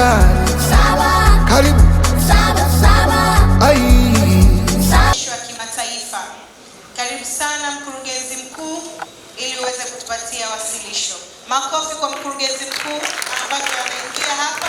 hatari. Karibu. Kimataifa. Karibu sana mkurugenzi mkuu ili uweze kutupatia wasilisho. Makofi kwa mkurugenzi mkuu ambaye ameingia hapa.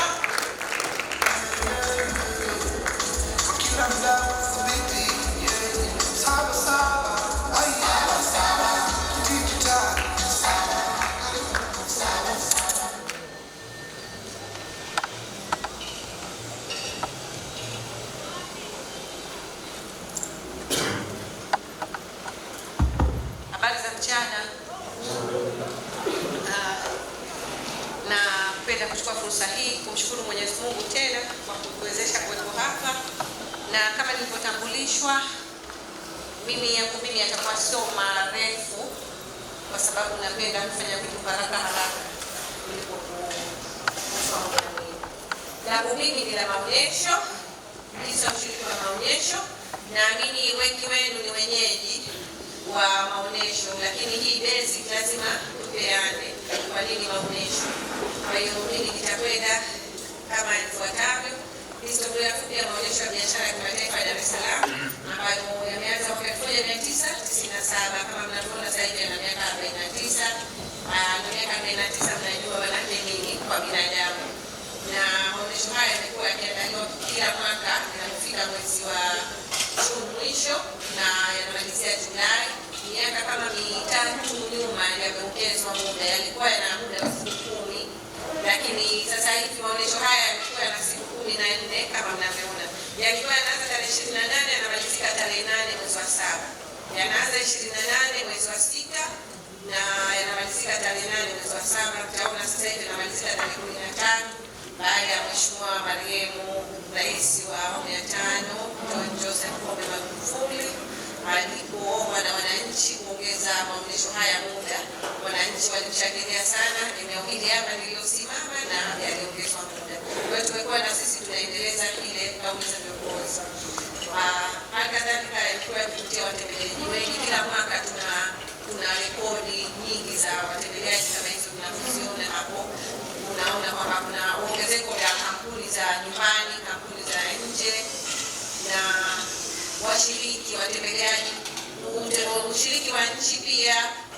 napenda kuchukua fursa hii kumshukuru Mwenyezi Mungu tena kwa kuwezesha kuwepo hapa, na kama nilivyotambulishwa, mimi yangu mimi yatakuwa sio marefu, kwa sababu napenda kufanya vitu haraka haraka kuliko mimi ni la maonyesho, ndizo mshiriki wa maonyesho. Naamini wengi wenu ni wenyeji wa maonyesho, lakini hii basic lazima tupeane, kwa nini maonyesho kwa hiyo hili litakwenda kama ifuatavyo: historia fupi ya maonyesho ya biashara ya kimataifa ya Dar es Salaam mhm. ambayo yameanza mwaka 1997 kama mnavyoona, sasa hivi ana miaka 49. Ah, na miaka 49 mnajua wanake nini kwa binadamu, na maonyesho haya yamekuwa yakiandaliwa kila mwaka yanapofika mwezi wa Juni mwisho na yanamalizia Julai. Miaka kama mitatu nyuma yameongezwa muda, yalikuwa yana muda wa siku kumi lakini sasa hivi maonesho haya yamechukua na siku kumi na nne kama mnavyoona, yakiwa yanaanza tarehe ishirini na nane yanamalizika tarehe nane mwezi wa saba. Yanaanza ishirini na nane mwezi wa sita na yanamalizika tarehe nane mwezi wa saba. Mtaona sasa hivi yanamalizika tarehe kumi na tano baada ya mheshimiwa marehemu Rais wa awamu ya tano John Joseph Pombe Magufuli alipoomba na wananchi kuongeza maonyesho haya muda, wananchi walimshangilia sana makubaliano lililosimama na yaliongezwa muda. Kwa hiyo tumekuwa na sisi tunaendeleza ile kauli za viongozi. Ah, Hali kadhalika ilikuwa kututia watembeleaji wengi, kila mwaka tuna kuna rekodi nyingi za watembeleaji kama hizo mnazoziona hapo. Unaona kwamba kuna ongezeko la kampuni za nyumbani, kampuni za nje na washiriki watembeleaji, ushiriki wa nchi pia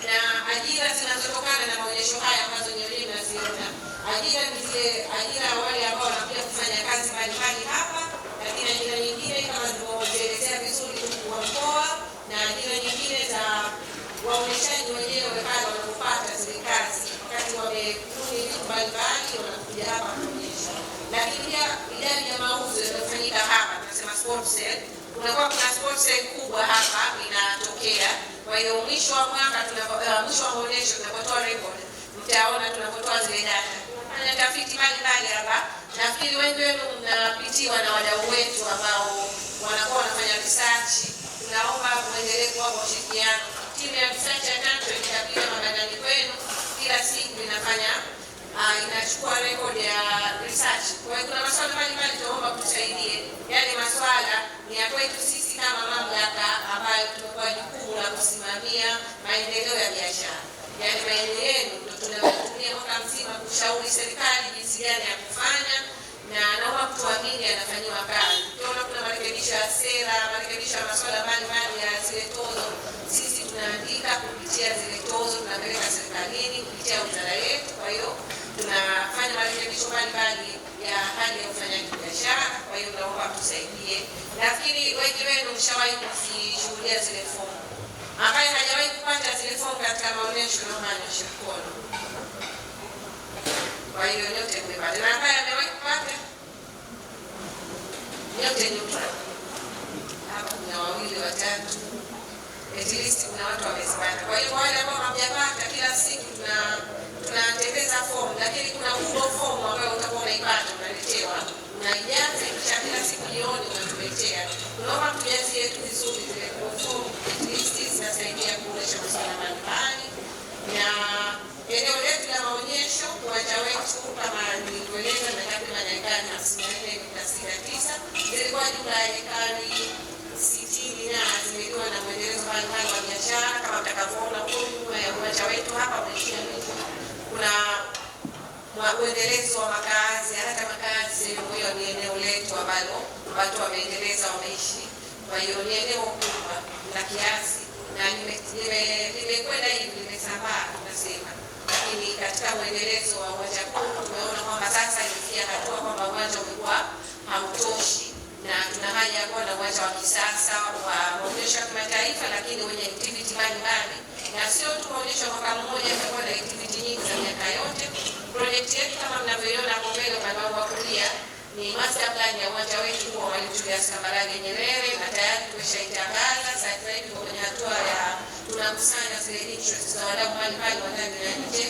na ajira zinazotokana na maonyesho haya ambazo nyote mnaziona. Ajira ni zile ajira wale ambao wanakuja kufanya kazi mbalimbali hapa, lakini ajira nyingine kama zilivyoelezea vizuri mkuu wa mkoa na ajira nyingine za waonyeshaji wenyewe pale wanapopata zile kazi, wakati wamekuni vitu mbalimbali wanakuja hapa kuonyesha. Lakini pia idadi ya mauzo yanayofanyika hapa tunasema sport kunakuwa kuna kubwa hapa inatokea kwa hiyo mwisho wa mwaka tunapopewa, uh, mwisho wa onyesho tunapotoa report, mtaona tunapotoa zile data. Kuna tafiti mbalimbali hapa, nafikiri wengi wenu mnapitiwa na wadau wetu ambao wanakuwa wanafanya research. Tunaomba muendelee kuwa kwa ushirikiano. Timu ya research ya tatu inapiga mabandani kwenu kila siku inafanya Uh, inachukua record ya research. Kwa hiyo kuna maswala mbalimbali tunaomba kutusaidie, yale yaani maswala ni ya kwetu sisi kama mamlaka ambayo tumepewa jukumu la kusimamia maendeleo ya biashara, yaani maeneo yenu tunayotumia mwaka mzima kushauri serikali jinsi gani ya kufanya, na naomba kutuamini anafanyiwa kazi. Tukiona kuna marekebisho ya sera, marekebisho ya masuala mbalimbali ya zile tozo, sisi tunaandika kupitia zile tozo, tunapeleka serikalini kupitia wizara yetu. Kwa hiyo tunafanya marekebisho mbalimbali ya hali ya ufanyaji biashara. Kwa hiyo naomba tusaidie. Nafikiri wengi wenu mshawahi kuzishuhudia zile fomu, ambaye hajawahi kupata zile fomu katika maonyesho, naomba anyoshe mkono. Kwa hiyo nyote mmepata, na ambaye amewahi kupata nyote nyuta hapa, kuna wawili watatu, at least kuna watu wamezipata. Kwa hiyo wale ambao hamjapata, kila siku tuna tunatembeza fomu, lakini kuna Google fomu ambayo unapata unaletewa, unaijaza kisha kila siku jioni unatuletea. Tunaomba tujazi yetu vizuri, zile fomu zinasaidia kuboresha usalama nyumbani na eneo letu la maonyesho. Uwanja wetu kama nilivyoeleza, na takriban ekari hamsini na nne nukta sita tisa zilikuwa jumla ya ekari sitini na zimeliwa na mwendelezo mbalimbali wa biashara kama mtakavyoona huko nyuma ya uwanja wetu hapa mwenyekiti kuna uendelezo wa makazi. Hata makazi hiyo ni eneo letu ambalo watu wameendeleza, wameishi. Kwa hiyo ni eneo kubwa na kiasi na limekwenda hivi, limesambaa tunasema, lakini katika uendelezo wa uwanja kuu tumeona kwamba sasa imefikia hatua kwamba uwanja umekuwa hautoshi na tuna haja ya kuwa na uwanja wa kisasa wa maonyesho ya kimataifa, lakini wenye activity mbalimbali, na sio tu maonyesho mwaka mmoja, tumekuwa na activity nyingi za miaka yote. Projekti yetu kama mnavyoiona hapo mbele upande wangu wa kulia ni master plan ya uwanja wetu wa Mwalimu Julius Kambarage Nyerere, na tayari tumeshaitangaza. Sasa hivi tuko kwenye hatua ya tunakusanya zile interest za wadau mbalimbali wa ndani na nje.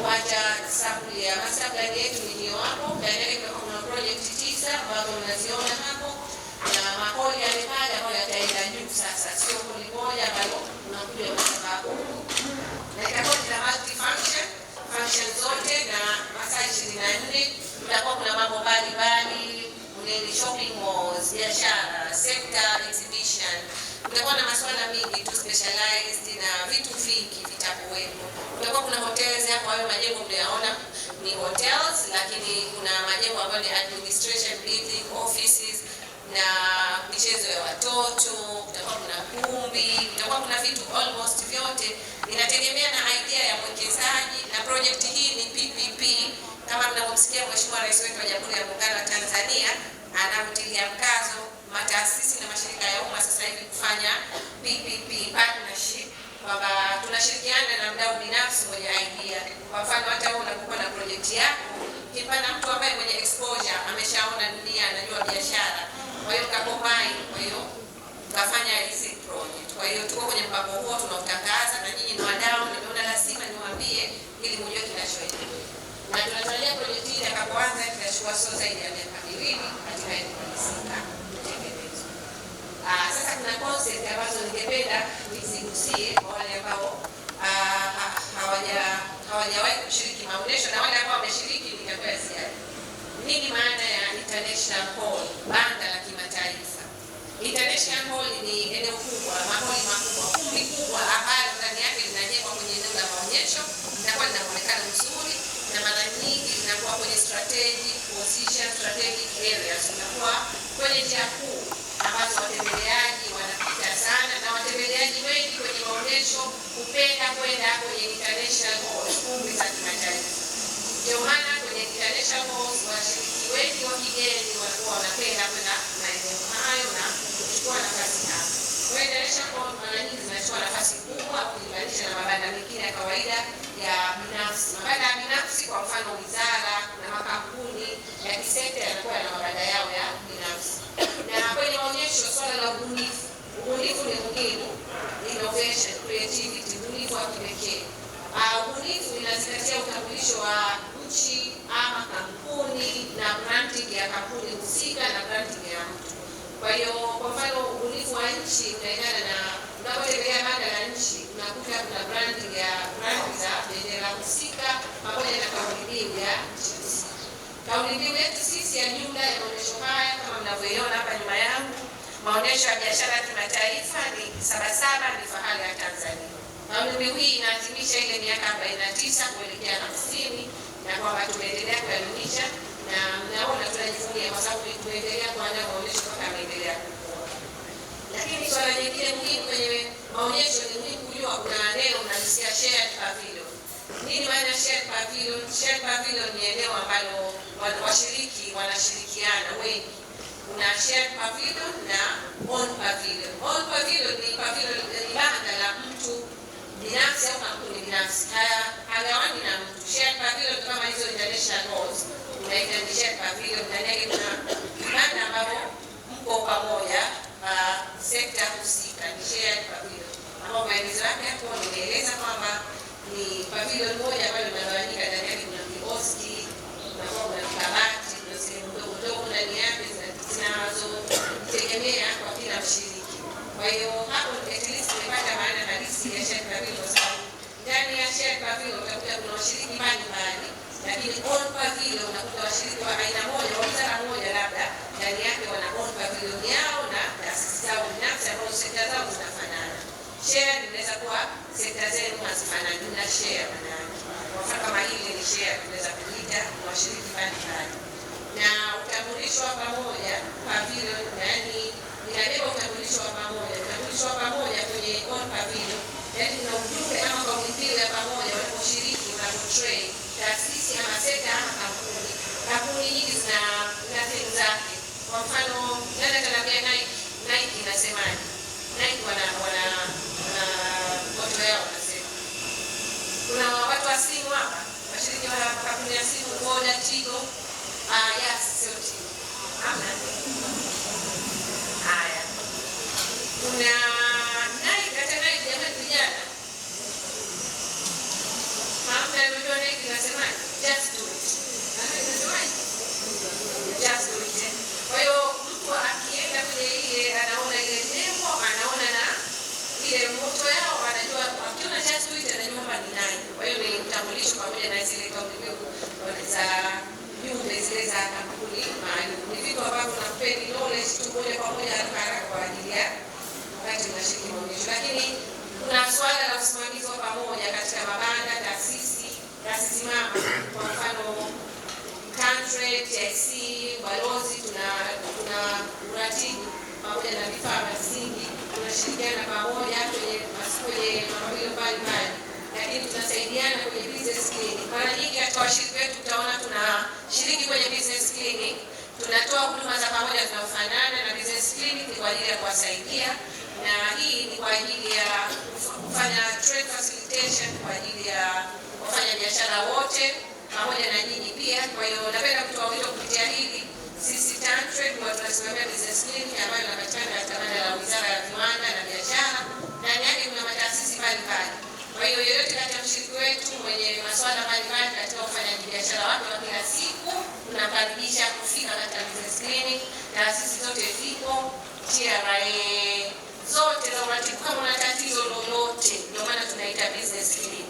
Uwanja sampuli ya master plan yetu hapo ndani yake kuna project tisa ambazo mnaziona hapo, na mapoli yale pale ambayo yataenda juu sasa, sio kuni moja bali unakuja kwa sababu na itakuwa ni multi function function zote na masaa ishirini na nne kutakuwa kuna mambo mbalimbali ni shopping malls, biashara, sector exhibition. Kutakuwa na masuala mengi tu specialized na vitu vingi vitakuwepo. Kutakuwa kuna hotels hapo, hayo majengo mnayaona ni hotels, lakini kuna majengo ambayo ni administration building, offices na michezo ya watoto, kutakuwa kuna kumbi, kutakuwa kuna vitu almost vyote. Inategemea na idea ya mwekezaji, na project hii ni PPP kama mnavyomsikia Mheshimiwa Rais wetu wa Jamhuri ya Muungano wa Tanzania anamtilia mkazo mataasisi na mashirika ya umma sasa hivi kufanya PPP partnership, kwamba tunashirikiana na mdau binafsi mwenye idea. Kwa mfano hata wewe unapokuwa na project yako, kipana mtu ambaye mwenye exposure ameshaona dunia, anajua biashara kwa hiyo mkakombine, kwa hiyo mkafanya hizi project. Kwa hiyo tuko kwenye mpango huo tunautangaza, na nyinyi ni wadau, nimeona lazima niwaambie ili mjue kinachoendelea, na tunatarajia project hii itakapoanza itachukua sio zaidi ya miaka miwili katika eneo la husika kutekelezwa. Sasa kuna concept ambazo ningependa nizigusie kwa wale ambao ah, hawajawahi kushiriki maonyesho na wale ambao wameshiriki nitakuwa ziada hii ni maana ya international hall, banda la kimataifa. International hall ni eneo kubwa, mahali makubwa, kumbi kubwa ambalo ndani yake linajengwa kwenye eneo la maonyesho, linakuwa linaonekana vizuri, na mara nyingi linakuwa kwenye strategic position, strategic areas, linakuwa kwenye njia ya binafsi. Mabanda ya binafsi kwa mfano wizara na makampuni ya kisekta yanakuwa na mabanda yao ya binafsi. Na kwenye maonyesho, swala la ubunifu, ubunifu ni muhimu, innovation, creativity, ubunifu wa kipekee. Ah, ubunifu inazingatia utambulisho wa nchi ama kampuni na branding ya kampuni husika na branding ya mtu. Kwa hiyo, kwa mfano ubunifu wa nchi unaendana na unapotembelea banda la nchi unakuta kuna brandi ya brandi za bendera husika pamoja na kauli mbiu ya nchi husika. Kauli mbiu yetu sisi ya jumla ya maonyesho haya kama mnavyoiona hapa nyuma yangu, maonyesho ya biashara ya kimataifa ni Sabasaba ni fahari ya Tanzania. Kauli mbiu hii inaadhimisha ile miaka 49 kuelekea 50 na kwamba tumeendelea kuyadumisha na mnaona tunajivunia kwa sababu tumeendelea kuandaa maonyesho mpaka ameendelea kukua. Lakini swala nyingine muhimu kwenye maonyesho ni kujua ukiwa unaanea unamsikia shared pavilion. Nini maana shared pavilion? Shared pavilion ni eneo ambalo washiriki wanashirikiana wengi. Kuna shared pavilion na own pavilion. Own pavilion ni pavilion eh, ni banda la mtu binafsi au kampuni binafsi, Haya hagawani na mtu. Shared pavilion kama hizo international halls, unaita ni shared pavilion, ndani yake kuna banda ambapo mko pamoja, ah, sekta husika ni shared pavilion ambao maelezo yake hapo nimeeleza kwamba ni pavilion moja ambayo imegawanyika, ndani yake kuna kioski na kuna kabati na sehemu ndogo ndogo ndani yake zinazotegemea kwa kila mshiriki. Kwa hiyo hapo at least tumepata maana halisi ya shared pavilion, kwa sababu ndani ya shared pavilion utakuta kuna washiriki mbalimbali, lakini all pavilion unakuta washiriki wa aina moja wa wizara moja labda ndani yake wana own pavilion yao na taasisi zao binafsi ambazo sekta zao zinafanana share inaweza kuwa sekta zenu hazifanani na share manake. Kwa kama hili ni share, tunaweza kuita washiriki mbalimbali na utambulisho wa pamoja pavilion, yani inabeba utambulisho wa pamoja. Utambulisho wa pamoja kwenye all pavilion, yani kuna ujumbe ama kauli ya pamoja wanaposhiriki na portray taasisi ama sekta ama kampuni. Kampuni hizi zina na theme zake. Kwa mfano jana tunaambia Nike, Nike inasemaje? Nike wana wana Kuna watu wa simu hapa, washiriki wa kampuni ya simu, Voda, Tigo, ah, yes, sio Tigo, hamna uratibu pamoja na vifaa vya msingi, tunashirikiana pamoja kwenye mambo mbalimbali, lakini tunasaidiana kwenye business clinic. Mara nyingi katika washiriki wetu tutaona tunashiriki kwenye business clinic, tunatoa huduma za pamoja zinaofanana, na business clinic kwa ajili ya kuwasaidia, na hii ni kwa ajili ya kufanya trade facilitation kwa ajili ya wafanya biashara wote pamoja na nyinyi pia. Kwa hiyo napenda kutoa wito kupitia hili sisi TanTrade huwa tunasimamia business link ambayo inapatikana katika banda la Wizara ya Viwanda na Biashara. Ndani yake kuna mataasisi mbalimbali. Kwa hiyo yeyote kati ya mshiriki wetu mwenye masuala mbalimbali katika ufanyaji biashara wake wa kila siku tunamkaribisha kufika katika business clinic. Taasisi zote zipo, TRA zote za uratibu. Kama una tatizo lolote, ndio maana tunaita business clinic.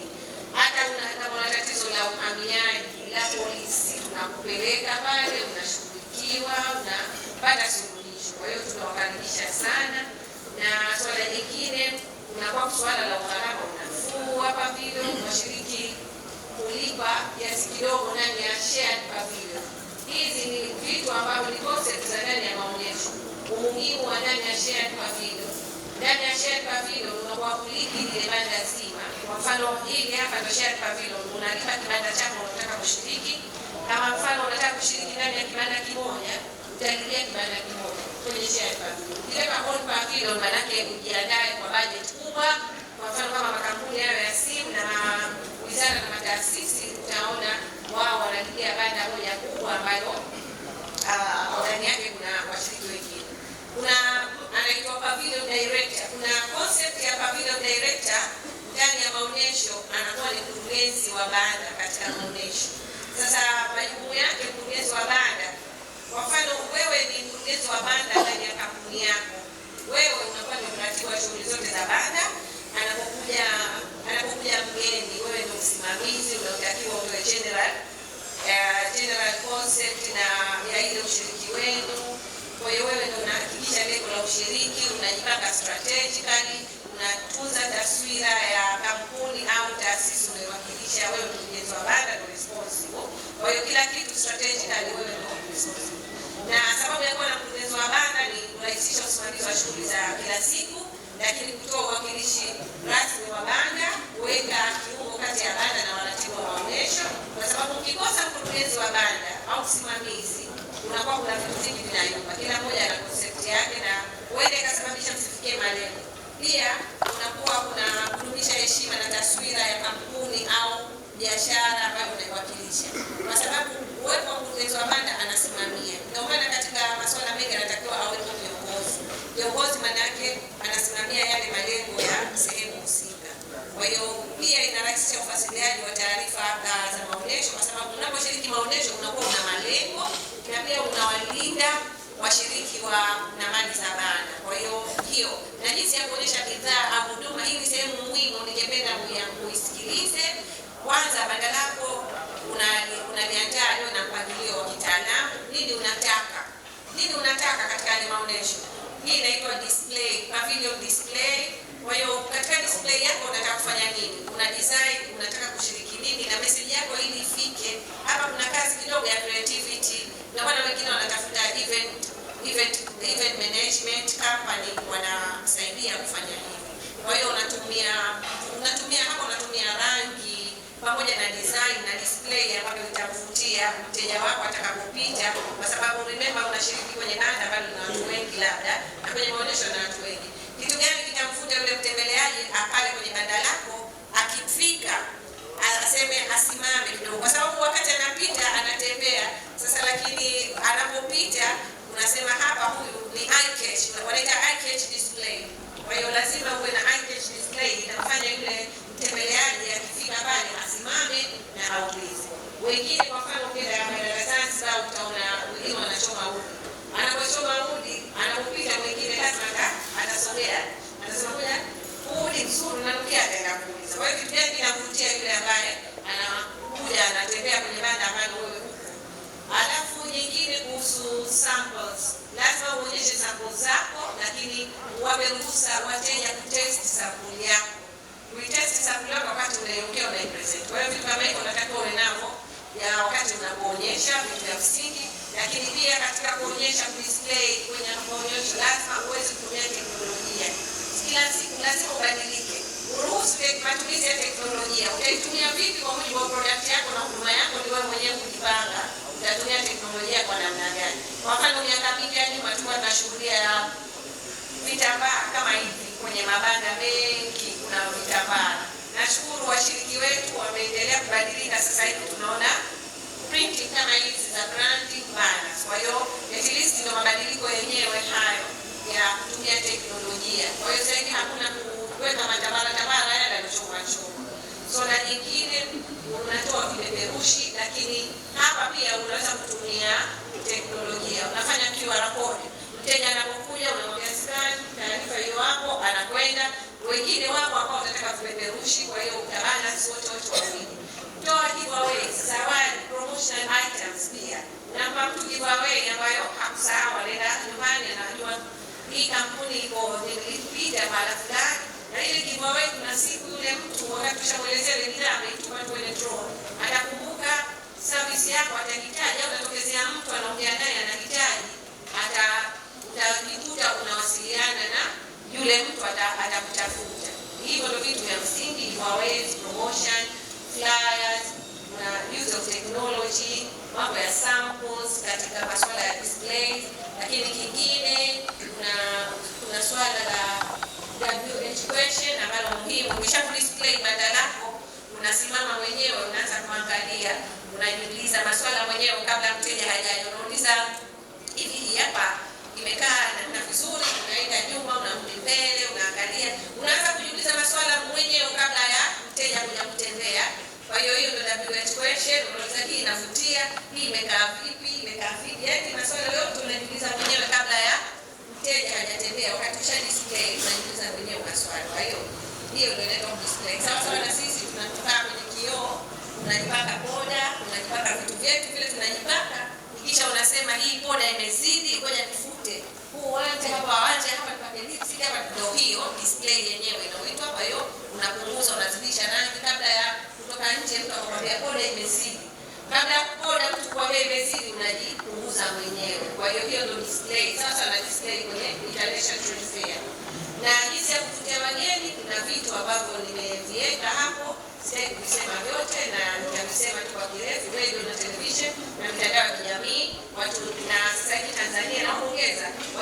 Hata kama una tatizo la uhamiaji, la polisi, tunakupeleka pale, unashukuru kujadiliwa na kupata suluhisho. Kwa hiyo tunawakaribisha sana, na swala jingine unakuwa swala la uharama unafuu hapa vile unashiriki kulipa kiasi kidogo ndani ya shared pavilion. Hizi ni vitu ambavyo ni concept za ndani ya maonyesho, umuhimu wa ndani ya shared pavilion. Ndani ya shared pavilion kuliki ile banda zima. Kwa mfano hili hapa ndio shared pavilion, unalipa kibanda chako unataka kushiriki kama mfano unataka kushiriki ndani ya kibanda kimoja, utaingia kibanda kimoja kwenye share economy. Ukileta bond kilo, maanake ujiandae kwa budget kubwa. Kwa mfano kama makampuni hayo ya simu na wizara na mataasisi, utaona wao wanaingia banda moja kubwa ambayo ah, ndani uh, yake kuna washiriki wengine. Kuna anaitwa pavilion director, kuna concept ya pavilion director ndani ya maonyesho, anakuwa ni mkurugenzi wa banda katika maonyesho sasa majukumu yake mkurugenzi wa banda, kwa mfano wewe ni mkurugenzi wa banda ndani ya kampuni yako, wewe unakuwa ni mratibu wa shughuli zote za banda. Anapokuja anapokuja mgeni, wewe ndio msimamizi, unaotakiwa utoe general eh, general concept na ya ile ushiriki wenu kwa hiyo wewe ndio unahakikisha lengo la ushiriki, unajipanga strategically, unatunza taswira ya kampuni au taasisi unayowakilisha. Wewe ndio mjenzi wa banda, ndio responsible. Kwa hiyo kila kitu strategically wewe ndio responsible, na sababu ya kuwa na mkurugenzi wa banda ni kurahisisha usimamizi wa shughuli za kila siku, lakini kutoa uwakilishi rasmi wa banda, kuweka kiungo kati ya banda na wanatibu wa maonyesho, kwa sababu ukikosa mkurugenzi wa banda au msimamizi unakuwa kuna muziki vinainuka, kila moja na concept yake, na huenda ikasababisha msifikie malengo. Pia unakuwa kuna kurudisha heshima na taswira ya kampuni au biashara ambayo unaiwakilisha, kwa sababu uwepo wa mkurugenzi wa banda anasimamia. Ndio maana katika masuala mengi anatakiwa awepo viongozi. Viongozi maana yake maonyesho. Hii inaitwa display, pavilion display. Kwa hiyo katika display yako unataka kufanya nini? Una design, unataka kushiriki nini na message yako ili ifike. Hapa kuna kazi kidogo ya creativity. Na wale wengine wanatafuta event, event, event management company wanasaidia kufanya hivi. Kwa hiyo unatumia unatumia hapo una design na display ambayo itamvutia mteja wako atakapopita, kwa sababu remember, unashiriki kwenye nanda bado na watu wengi, labda na kwenye maonyesho na watu wengi. Kitu gani kitamvuta yule mtembeleaji apale kwenye banda lako, akifika aseme, asimame kidogo, kwa sababu wakati anapita anatembea sasa, lakini anapopita unasema hapa, huyu ni eye catch, wanaita eye catch display. Kwa hiyo lazima uwe na eye catch display, inamfanya yule mtembeleaji akifika pale asimame na aulize. Wengine kwa mfano ukienda ya Zanzibar utaona wengine wanachoma udi, anapochoma udi anaupita mwingine lazima atasogea, anasema mabanda mengi, kuna vitambaa. Nashukuru washiriki wetu wameendelea kubadilika, sasa hivi tunaona printing kama hizi za branding banners. Kwa hiyo at least ndio mabadiliko yenyewe hayo ya kutumia teknolojia. Kwa hiyo zaidi hakuna kuweka matabara tabara yale yalichoma choma. So na nyingine unatoa vipeperushi, lakini hapa pia unaweza kutumia teknolojia, unafanya QR code Mteja anapokuja unaongea skani taarifa hiyo hapo, anakwenda. Wengine wako ambao wanataka kupeperushi, kwa hiyo utabana utabalance wote wote wawili. Toa giveaway, zawadi, promotional items pia. Namba mtu giveaway ambayo hakusahau, anaenda nyumbani anajua hii kampuni iko nimelipita mara fulani, na ile giveaway kuna siku yule mtu wakati tushamuelezea ile bidhaa ameitupa kwenye draw, atakumbuka service yako, atahitaji au natokezea mtu anaongea naye anahitaji ata utajikuta unawasiliana na yule mtu atakutafuta. Hivyo ndio vitu vya msingi, giveaways, promotion, flyers na use of technology, mambo ya samples katika masuala ya displays, lakini kingine kuna kuna swala la WH question ambalo muhimu, ukisha display banda lako unasimama mwenyewe unaanza kuangalia, unajiuliza maswala mwenyewe kabla mteja hajaja, unauliza hivi hapa imekaa na vizuri, unaenda nyuma, unarudi mbele, unaangalia, unaanza kujiuliza maswala mwenyewe kabla ya mteja kuja kutembea. Kwa hiyo hiyo ndio WH question, unauliza hii inavutia, hii imekaa vipi, imekaa vipi, yaani maswala yote unajiuliza mwenyewe kabla ya mteja hajatembea, wakati ushajisikia hivi unajiuliza mwenyewe maswala. Kwa hiyo hiyo ndio inaitwa display. Sawa sawa na sisi tunatoka kwenye kioo, tunajipaka boda, tunajipaka vitu vyetu vile tunajipaka kisha unasema hii poda imezidi, ngoja nifute huu wanja hapa, wanja hapa tupake lipstick hapa. Ndio hiyo display yenyewe inaoitwa. Kwa hiyo unapunguza, unazidisha rangi kabla ya kutoka nje, mtu akwambia poda imezidi. Kabla ya poda mtu kwambia imezidi, unajipunguza mwenyewe. Kwa hiyo hiyo ndio display. Sasa na display kwenye International Trade Fair na jinsi ya kuvutia wageni, kuna vitu ambavyo nimeviweka hapo, sitaki kusema vyote na nitasema tu kwa kirefu.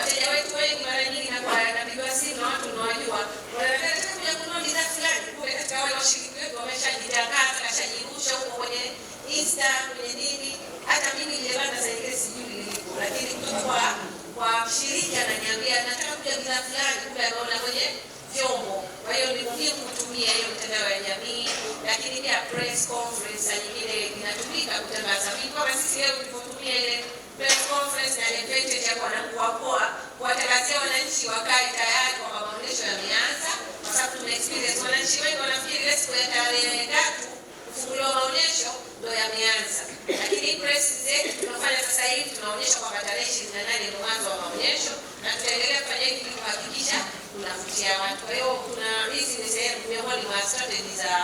wateja wetu wengi mara nyingi napigiwa simu na watu unawajua, wanataka kuja kununua bidhaa fulani, kumbe katika wale washiriki wetu wameshajitangaza, washajirusha huko kwenye Insta, kwenye nini. Hata mimi nilipata saa ile sijui nilipo, lakini kwa kwa mshiriki ananiambia nataka kuja bidhaa fulani, kumbe ameona kwenye vyombo. Kwa hiyo ni muhimu kutumia hiyo mitandao ya jamii, lakini pia press conference nyingine inatumika kutangaza. Mimi kama sisi leo tulivyotumia ile press conference na ya kuwapoa kuwatangazia wananchi wakae tayari kwamba maonyesho yameanza, kwa sababu tuna experience wananchi wengi wanafikiri ile siku ya tarehe tatu kufunguliwa maonyesho ndo yameanza, lakini press zetu tunafanya sasa hivi tunaonyesha kwamba tarehe ishirini na nane ndo mwanzo wa maonyesho na tutaendelea kufanya hivi kuhakikisha tunavutia watu. Kwa hiyo kuna hizi ni sehemu miongoni mwa strategy za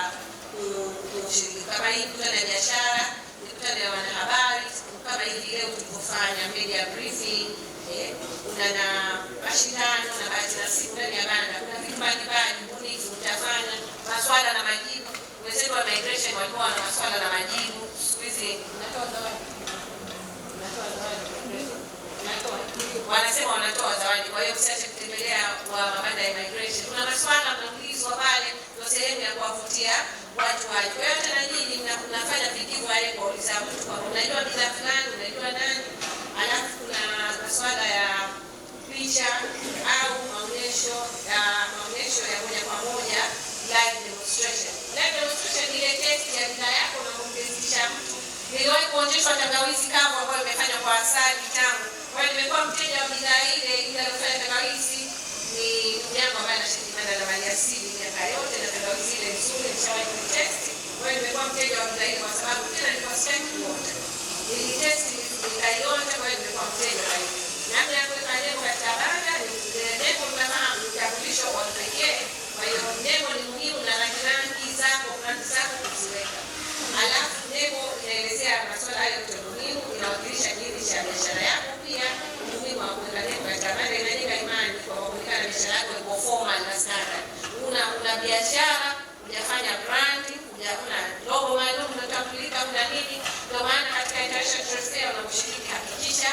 ushiriki kama hii, mtu ana biashara mkutano ya wanahabari kama hivi leo tulivyofanya media briefing eh, una na mashindano na baadhi ya siku ndani ya banda, kuna vitu mbalimbali, ubunifu utafanya maswala na majibu. Wenzetu wa migration walikuwa na maswala na majibu, siku hizi natoa zawadi wanasema wanatoa zawadi. Kwa hiyo kisha kutembelea wa mabanda ya migration, kuna maswala mnaulizwa pale, ndio sehemu ya kuwavutia watu waje. Kwa hiyo hata na nyinyi mnafanya vijivu wale kuwauliza mtu kwa unajua bidhaa fulani, unajua nani, alafu kuna maswala ya picha au maonyesho ya maonyesho ya moja kwa moja, live demonstration. Live demonstration ile kesi ya bidhaa yako na kumtestisha mtu Niliwahi kuonjeshwa tangawizi kavu ambayo imefanywa kwa asali tamu. Kwa hiyo nimekuwa mteja wa bidhaa ile ila kufanya tangawizi ni mnyama ambaye anashirikiana na mali asili miaka yote na tangawizi ile nzuri nishawahi kuitesti. Kwa hiyo nimekuwa mteja wa bidhaa ile kwa sababu tena ni nilikuwa sitaki kuota. Nilitesti nikaiota kwa hiyo nimekuwa mteja wa hiyo. Namna ya kuweka lebo katika banda ni lebo mnafahamu utambulisho wa pekee. Kwa hiyo lebo ni muhimu na rangi rangi zako rangi zako kufanya brandi, kuna logo maalum inatambulika, kuna nini. Ndio maana katika international trade fair unaposhiriki, hakikisha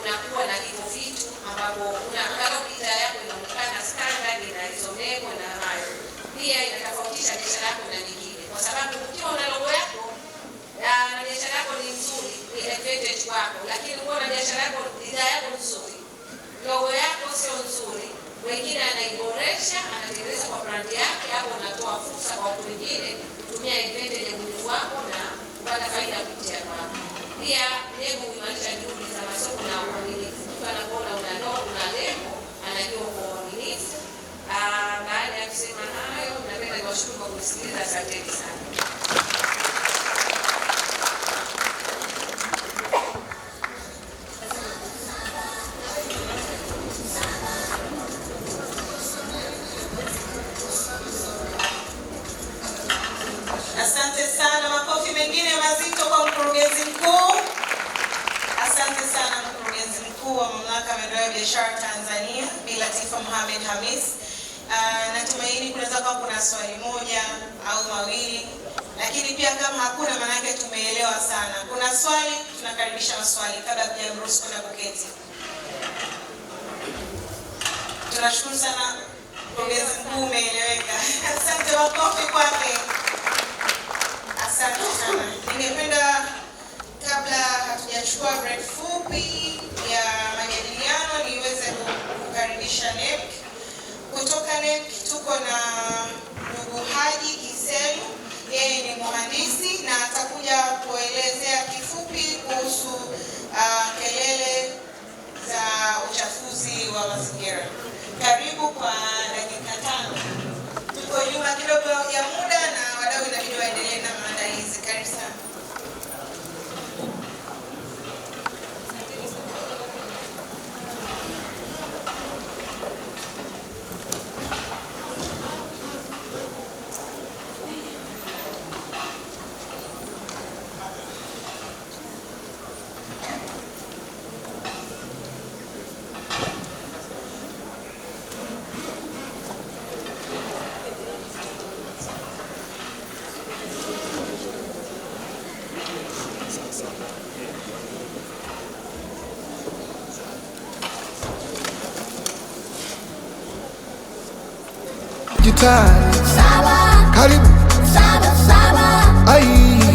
unakuwa na hivyo vitu ambapo una unaangalau bidhaa yako inaonekana standard na hizo nembo na hayo. Pia inatofautisha biashara yako na nyingine, kwa sababu ukiwa una logo yako na biashara yako ni nzuri, ni advantage kwako, lakini ukiwa na biashara yako bidhaa yako nzuri, logo yako sio nzuri wengine anaiboresha, anatengeneza kwa brandi yake, hapo anatoa fursa kwa watu wengine kutumia advantage ya ubunifu wako na kupata faida kupitia kwako. Pia lengo kuimarisha juhudi za masoko na uaminifu. Mtu anapoona una ndoo, una lengo, anajua kwa uaminifu. Ah, baada ya kusema hayo, napenda niwashukuru kwa kusikiliza. Asanteni sana. kukaribisha maswali kabla mruhusu kwenda kuketi. Tunashukuru sana mkurugenzi mkuu, umeeleweka. Asante, wakofi kwake. Asante sana. Ningependa kabla hatujachukua break fupi ya majadiliano, niweze kukaribisha NEC. Kutoka NEC tuko na ndugu Haji Kiselu yeye ni mhandisi na atakuja kuelezea kifupi kuhusu uh, kelele za uchafuzi wa mazingira. Karibu kwa dakika tano. Tuko nyuma kidogo ya muda na wadau inabidi waendelee na maandalizi. Karibu sana. hatari. Saba. Karibu